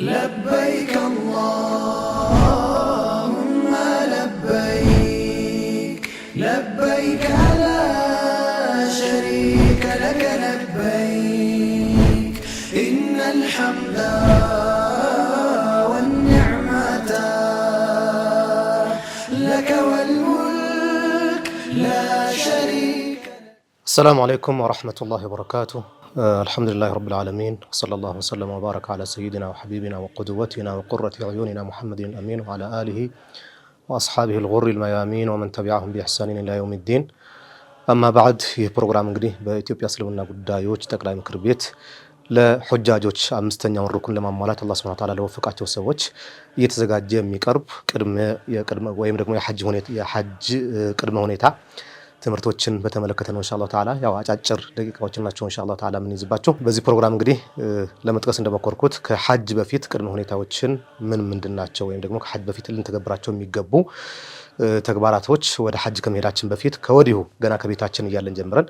لبيك اللهم لبيك لبيك لا شريك لك لبيك إن الحمد والنعمة لك والملك لا شريك السلام عليكم ورحمة الله وبركاته አልሐምዱሊላህ ረብል ዓለሚን ወሰለላሁ ወሰለም ወባረከ ዓላ ሰይድና ወሐቢቢና ወቁድወቲና ወቁረቲ ዐዩኒና ሙሐመድን አሚን ወዓላ አሊሂ ወአስሓቢሂ ልጉሪ ልመያሚን ወመን ተቢዐሁም ቢኢሕሳኒን ኢላ የውም ዲን። አማ በዕድ ይህ ፕሮግራም እንግዲህ በኢትዮጵያ እስልምና ጉዳዮች ጠቅላይ ምክር ቤት ለሑጃጆች አምስተኛውን ሩክን ለማሟላት አላህ ሱብሓነሁ ወተዓላ ለወፈቃቸው ሰዎች እየተዘጋጀ የሚቀርብ ቅድመ ወይም ደግሞ የሐጅ ቅድመ ሁኔታ ትምህርቶችን በተመለከተ ነው ኢንሻአላህ ተዓላ። ያው አጫጭር ደቂቃዎችን ናቸው ኢንሻአላህ ተዓላ የምንይዝባቸው። በዚህ ፕሮግራም እንግዲህ ለመጥቀስ እንደሞከርኩት ከሐጅ በፊት ቅድመ ሁኔታዎችን ምን ምንድን ናቸው ወይም ደግሞ ከሐጅ በፊት ልንተገብራቸው የሚገቡ ተግባራቶች ወደ ሐጅ ከመሄዳችን በፊት ከወዲሁ ገና ከቤታችን እያለን ጀምረን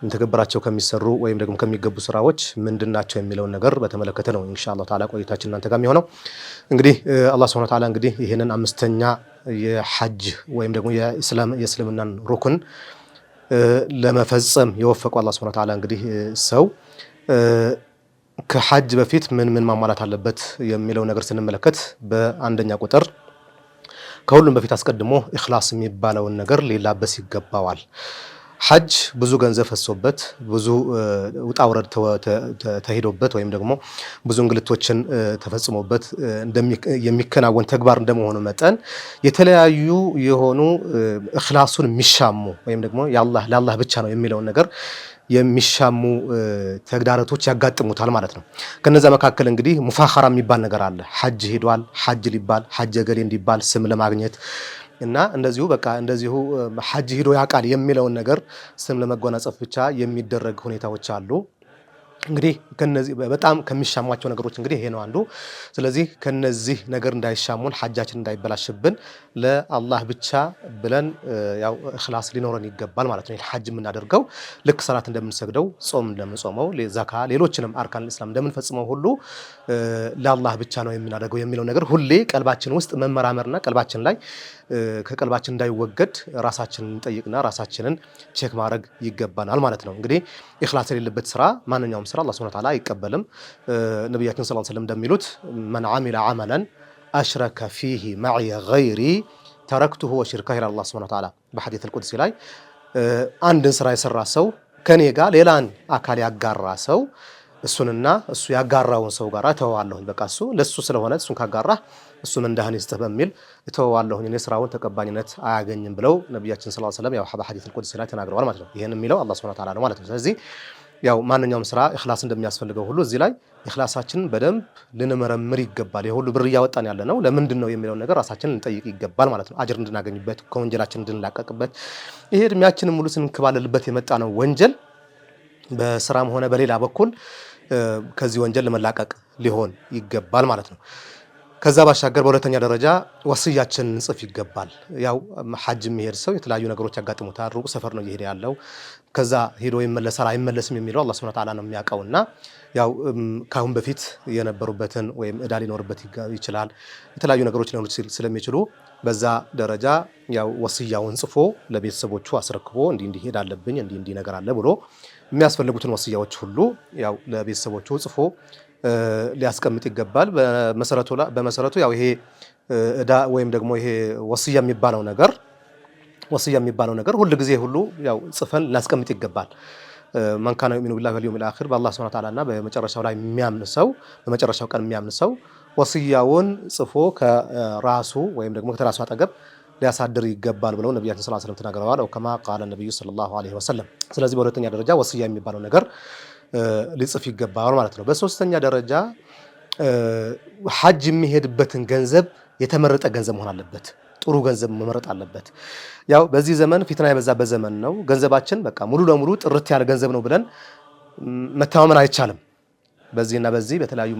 ልንተገብራቸው ከሚሰሩ ወይም ደግሞ ከሚገቡ ስራዎች ምንድን ናቸው የሚለውን ነገር በተመለከተ ነው እንሻላ ተዓላ ቆይታችን እናንተ ጋር የሚሆነው። እንግዲህ አላህ ሱብሓነሁ ወተዓላ እንግዲህ ይህንን አምስተኛ የሐጅ ወይም ደግሞ የእስልምናን ሩክን ለመፈጸም የወፈቀው አላህ ሱብሃነሁ ወተዓላ እንግዲህ ሰው ከሐጅ በፊት ምን ምን ማሟላት አለበት የሚለው ነገር ስንመለከት በአንደኛ ቁጥር ከሁሉም በፊት አስቀድሞ ኢኽላስ የሚባለውን ነገር ሊላበስ ይገባዋል። ሐጅ ብዙ ገንዘብ ፈሶበት ብዙ ውጣ ውረድ ተሄዶበት ወይም ደግሞ ብዙ እንግልቶችን ተፈጽሞበት የሚከናወን ተግባር እንደመሆኑ መጠን የተለያዩ የሆኑ እክላሱን የሚሻሙ ወይም ደግሞ ለአላህ ብቻ ነው የሚለውን ነገር የሚሻሙ ተግዳሮቶች ያጋጥሙታል ማለት ነው። ከነዚ መካከል እንግዲህ ሙፋኸራ የሚባል ነገር አለ። ሐጅ ሄዷል፣ ሐጅ ሊባል፣ ሐጅ ገሌ እንዲባል ስም ለማግኘት እና እንደዚሁ በቃ እንደዚሁ ሐጅ ሂዶ ያውቃል የሚለውን ነገር ስም ለመጎናጸፍ ብቻ የሚደረግ ሁኔታዎች አሉ። እንግዲህ ከነዚህ በጣም ከሚሻሟቸው ነገሮች እንግዲህ ይሄ ነው አንዱ። ስለዚህ ከነዚህ ነገር እንዳይሻሙን ሐጃችን እንዳይበላሽብን ለአላህ ብቻ ብለን ያው እኽላስ ሊኖረን ይገባል ማለት ነው። ሐጅ የምናደርገው ልክ ሰላት እንደምንሰግደው፣ ጾም እንደምንጾመው፣ ዛካ፣ ሌሎችንም አርካን እስላም እንደምንፈጽመው ሁሉ ለአላህ ብቻ ነው የምናደርገው የሚለው ነገር ሁሌ ቀልባችን ውስጥ መመራመርና ቀልባችን ላይ ከቀልባችን እንዳይወገድ ራሳችንን እንጠይቅና ራሳችንን ቼክ ማድረግ ይገባናል ማለት ነው። እንግዲህ እኽላስ የሌለበት ስራ ማንኛውም ስራ አላህ ሱብሓነሁ ወተዓላ አይቀበልም። ነቢያችን ሰለላሁ ዐለይሂ እንደሚሉት መን አሚለ አመለን አሽረከ ፊሂ መዕየ ገይሪ ተረክቱሁ ወሽርካ ይላል አላህ ሱብሓነሁ ወተዓላ በሐዲስ አልቁድሲ ላይ አንድን ስራ የሰራ ሰው ከኔ ጋር ሌላን አካል ያጋራ ሰው እሱንና እሱ ያጋራውን ሰው ጋር እተወዋለሁኝ። በቃ እሱ ለእሱ ስለሆነ እሱን ካጋራህ እሱን እንደህን ይስጥህ በሚል እተወዋለሁኝ፣ እኔ ስራውን ተቀባኝነት አያገኝም ብለው ነቢያችን ሰለላሁ ዐለይሂ ወሰለም ያው በሐዲስ አልቁድሲ ላይ ተናግረዋል ማለት ነው። ይህን የሚለው አላህ ሱብሓነሁ ወተዓላ ነው ማለት ነው። ስለዚህ ያው ማንኛውም ስራ ኢኽላስ እንደሚያስፈልገው ሁሉ እዚህ ላይ ኢኽላሳችንን በደንብ ልንመረምር ይገባል። የሁሉ ብር እያወጣን ያለ ነው ለምንድን ነው የሚለውን ነገር ራሳችንን እንጠይቅ ይገባል ማለት ነው። አጅር እንድናገኝበት፣ ከወንጀላችን እንድንላቀቅበት፣ ይሄ እድሜያችንን ሙሉ ስንከባለልበት የመጣ ነው ወንጀል በስራም ሆነ በሌላ በኩል ከዚህ ወንጀል ለመላቀቅ ሊሆን ይገባል ማለት ነው። ከዛ ባሻገር በሁለተኛ ደረጃ ወስያችን ጽፍ ይገባል። ያው ሐጅ የሚሄድ ሰው የተለያዩ ነገሮች ያጋጥሙታል። ሩቅ ሰፈር ነው እየሄደ ያለው። ከዛ ሄዶ ይመለሳል አይመለስም የሚለው አላህ ሱብሐነሁ ወተዓላ ነው የሚያውቀውና ያው ካሁን በፊት የነበሩበትን ወይም እዳ ሊኖርበት ይችላል። የተለያዩ ነገሮች ሊኖሩ ስለሚችሉ በዛ ደረጃ ያው ወስያውን ጽፎ ለቤተሰቦቹ አስረክቦ እንዲህ እንዲህ ሄድ አለብኝ እንዲህ እንዲህ ነገር አለ ብሎ የሚያስፈልጉትን ወስያዎች ሁሉ ያው ለቤተሰቦቹ ጽፎ ሊያስቀምጥ ይገባል። በመሰረቱ ያው ይሄ እዳ ወይም ደግሞ ይሄ ወስያ የሚባለው ነገር ወስያ የሚባለው ነገር ሁል ጊዜ ሁሉ ያው ጽፈን ሊያስቀምጥ ይገባል። መንካና ዩሚኑ ቢላሂ ወልየውሚል አኺር በአላህ ሱብሓነሁ ወተዓላና በመጨረሻው ላይ የሚያምን ሰው በመጨረሻው ቀን የሚያምን ሰው ወስያውን ጽፎ ከራሱ ወይም ደግሞ ከተራሱ አጠገብ ሊያሳድር ይገባል ብለው ነቢያችን ሰለላሁ ዐለይሂ ወሰለም ተናግረዋል። ከማ ቃለ ነቢዩ ሰለላሁ ዐለይሂ ወሰለም። ስለዚህ በሁለተኛ ደረጃ ወስያ የሚባለው ነገር ሊጽፍ ይገባል ማለት ነው። በሶስተኛ ደረጃ ሐጅ የሚሄድበትን ገንዘብ የተመረጠ ገንዘብ መሆን አለበት። ጥሩ ገንዘብ መመረጥ አለበት። ያው በዚህ ዘመን ፊትና የበዛበት ዘመን ነው። ገንዘባችን በቃ ሙሉ ለሙሉ ጥርት ያለ ገንዘብ ነው ብለን መተማመን አይቻልም። በዚህና በዚህ በተለያዩ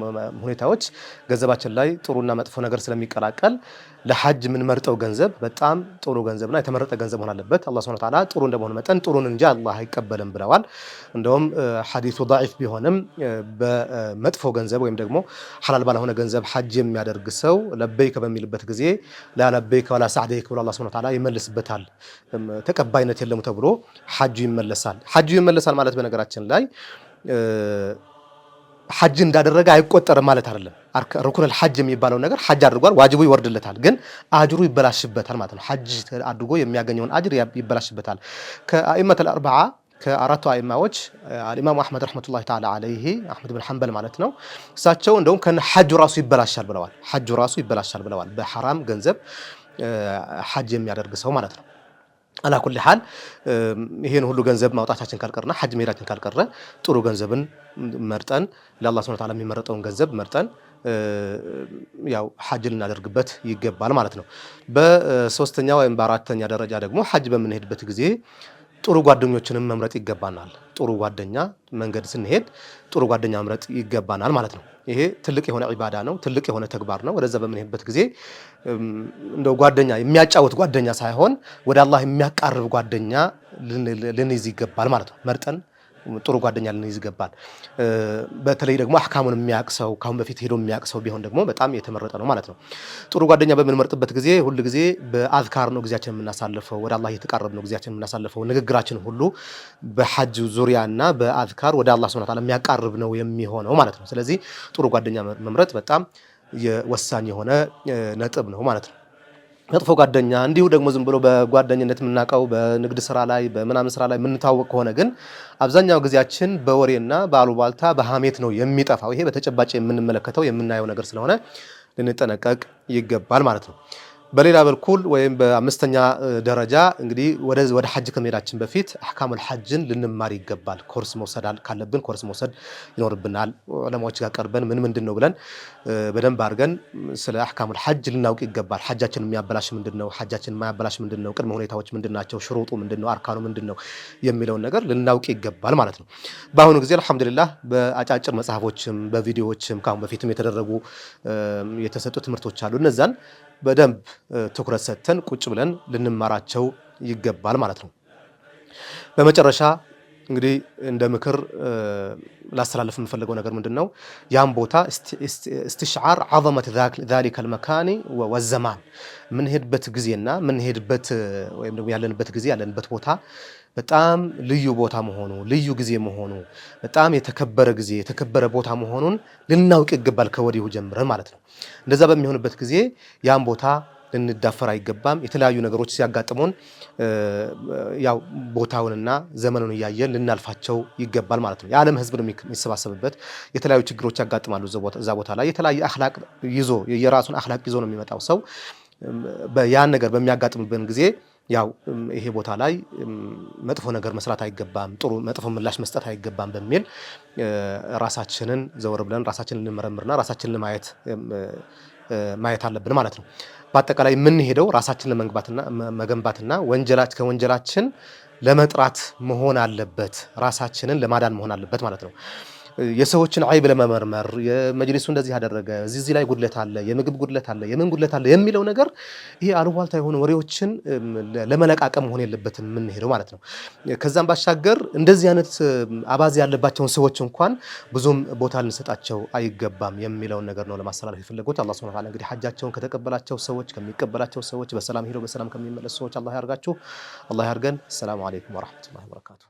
ሁኔታዎች ገንዘባችን ላይ ጥሩና መጥፎ ነገር ስለሚቀላቀል ለሐጅ የምንመርጠው ገንዘብ በጣም ጥሩ ገንዘብና የተመረጠ ገንዘብ መሆን አለበት። አላህ ሱብሓነሁ ወተዓላ ጥሩ እንደመሆኑ መጠን ጥሩን እንጂ አላህ አይቀበልም ብለዋል። እንደውም ሐዲሱ ዳዒፍ ቢሆንም በመጥፎ ገንዘብ ወይም ደግሞ ሐላል ባልሆነ ገንዘብ ሐጅ የሚያደርግ ሰው ለበይከ በሚልበት ጊዜ ላ ለበይከ ወላ ሰዕደይከ ብሎ አላህ ሱብሓነሁ ወተዓላ ይመልስበታል። ተቀባይነት የለም ተብሎ ሐጁ ይመለሳል። ሐጁ ይመለሳል ማለት በነገራችን ላይ ሐጅ እንዳደረገ አይቆጠርም ማለት አይደለም። ሩኩነል ሐጅ የሚባለው ነገር ሐጅ አድርጓል፣ ዋጅቡ ይወርድለታል፣ ግን አጅሩ ይበላሽበታል ማለት ነው። ሐጅ አድርጎ የሚያገኘውን አጅር ይበላሽበታል። ከአኢመተል አርበዓ ከአራቱ አኢማዎች አልኢማሙ አሕመድ ረሕመቱላሂ ተዓላ ዓለይሂ አሕመድ ብን ሐንበል ማለት ነው። እሳቸው እንደውም ከነ ሐጁ ራሱ ይበላሻል ብለዋል። ሐጁ ራሱ ይበላሻል ብለዋል። በሐራም ገንዘብ ሐጅ የሚያደርግ ሰው ማለት ነው። አላኩል ሀል ይሄን ሁሉ ገንዘብ ማውጣታችን ካልቀርና ሐጅ መሄዳችን ካልቀረ ጥሩ ገንዘብን መርጠን ለአላ ሱብሓነሁ ወተዓላ የሚመረጠውን ገንዘብ መርጠን ያው ሐጅ ልናደርግበት ይገባል ማለት ነው። በሶስተኛ ወይም በአራተኛ ደረጃ ደግሞ ሐጅ በምንሄድበት ጊዜ ጥሩ ጓደኞችንም መምረጥ ይገባናል። ጥሩ ጓደኛ መንገድ ስንሄድ ጥሩ ጓደኛ መምረጥ ይገባናል ማለት ነው። ይሄ ትልቅ የሆነ ዒባዳ ነው፣ ትልቅ የሆነ ተግባር ነው። ወደዛ በምንሄድበት ጊዜ እንደ ጓደኛ የሚያጫወት ጓደኛ ሳይሆን ወደ አላህ የሚያቃርብ ጓደኛ ልንይዝ ይገባል ማለት ነው መርጠን ጥሩ ጓደኛ ልን ይገባል። በተለይ ደግሞ አህካሙን የሚያቅሰው ካሁን በፊት ሄዶ የሚያቅሰው ቢሆን ደግሞ በጣም የተመረጠ ነው ማለት ነው። ጥሩ ጓደኛ በምንመርጥበት ጊዜ ሁል ጊዜ በአዝካር ነው ጊዜያችን የምናሳልፈው፣ ወደ አላህ እየተቃረብ ነው ጊዜያችን የምናሳልፈው። ንግግራችን ሁሉ በሐጅ ዙሪያና በአዝካር ወደ አላህ ሱብሃነሁ ወተዓላ የሚያቃርብ ነው የሚሆነው ማለት ነው። ስለዚህ ጥሩ ጓደኛ መምረጥ በጣም ወሳኝ የሆነ ነጥብ ነው ማለት ነው። መጥፎ ጓደኛ እንዲሁ ደግሞ ዝም ብሎ በጓደኝነት የምናውቀው በንግድ ስራ ላይ በምናምን ስራ ላይ የምንታወቅ ከሆነ ግን አብዛኛው ጊዜያችን በወሬና በአሉባልታ በሀሜት ነው የሚጠፋው። ይሄ በተጨባጭ የምንመለከተው የምናየው ነገር ስለሆነ ልንጠነቀቅ ይገባል ማለት ነው። በሌላ በኩል ወይም በአምስተኛ ደረጃ እንግዲህ ወደ ሐጅ ከመሄዳችን በፊት አህካሙል ሐጅን ልንማር ይገባል። ኮርስ መውሰድ ካለብን ኮርስ መውሰድ ይኖርብናል። ዑለማዎች ጋር ቀርበን ምን ምንድን ነው ብለን በደንብ አድርገን ስለ አህካሙል ሐጅ ልናውቅ ይገባል። ሐጃችን የሚያበላሽ ምንድን ነው? ሐጃችን የማያበላሽ ምንድን ነው? ቅድመ ሁኔታዎች ምንድን ናቸው? ሽሩጡ ምንድን ነው? አርካኑ ምንድን ነው? የሚለውን ነገር ልናውቅ ይገባል ማለት ነው። በአሁኑ ጊዜ አልሐምዱሊላህ በአጫጭር መጽሐፎችም በቪዲዮዎችም ከአሁን በፊትም የተደረጉ የተሰጡ ትምህርቶች አሉ። እነዛን በደንብ ትኩረት ሰጥተን ቁጭ ብለን ልንማራቸው ይገባል ማለት ነው። በመጨረሻ እንግዲህ እንደ ምክር ላስተላለፍ የምፈልገው ነገር ምንድን ነው? ያም ቦታ እስትሽዓር ዓዘመት ዛሊከ ልመካኒ ወዘማን ምንሄድበት ጊዜና ምንሄድበት ወይም ደግሞ ያለንበት ጊዜ ያለንበት ቦታ በጣም ልዩ ቦታ መሆኑ ልዩ ጊዜ መሆኑ በጣም የተከበረ ጊዜ የተከበረ ቦታ መሆኑን ልናውቅ ይገባል ከወዲሁ ጀምረን ማለት ነው። እንደዛ በሚሆንበት ጊዜ ያም ቦታ ልንዳፈር አይገባም። የተለያዩ ነገሮች ሲያጋጥሙን ያው ቦታውንና ዘመኑን እያየን ልናልፋቸው ይገባል ማለት ነው። የዓለም ሕዝብ ነው የሚሰባሰብበት። የተለያዩ ችግሮች ያጋጥማሉ። እዛ ቦታ ላይ የተለያየ አኽላቅ ይዞ የራሱን አኽላቅ ይዞ ነው የሚመጣው ሰው። ያን ነገር በሚያጋጥምብን ጊዜ ያው ይሄ ቦታ ላይ መጥፎ ነገር መስራት አይገባም፣ ጥሩ መጥፎ ምላሽ መስጠት አይገባም በሚል ራሳችንን ዘወር ብለን ራሳችንን ልንመረምርና ራሳችንን ማየት ማየት አለብን ማለት ነው። በአጠቃላይ የምንሄደው ራሳችን ለመግባትና መገንባትና ወንጀላች ከወንጀላችን ለመጥራት መሆን አለበት። ራሳችንን ለማዳን መሆን አለበት ማለት ነው። የሰዎችን አይብ ለመመርመር የመጅሊሱ እንደዚህ ያደረገ እዚህ ላይ ጉድለት አለ፣ የምግብ ጉድለት አለ፣ የምን ጉድለት አለ የሚለው ነገር ይሄ አሉባልታ የሆኑ ወሬዎችን ለመለቃቀም መሆን የለበትም የምንሄደው ማለት ነው። ከዛም ባሻገር እንደዚህ አይነት አባዜ ያለባቸውን ሰዎች እንኳን ብዙም ቦታ ልንሰጣቸው አይገባም የሚለውን ነገር ነው ለማስተላለፍ የፈለጉት። አላህ ሱብሐነሁ ወተዓላ እንግዲህ ሐጃቸውን ከተቀበላቸው ሰዎች ከሚቀበላቸው ሰዎች በሰላም ሄደው በሰላም ከሚመለሱ ሰዎች አላህ ያርጋችሁ፣ አላህ ያርገን። ሰላም አለይኩም ወራህመቱላሂ ወበረካቱ።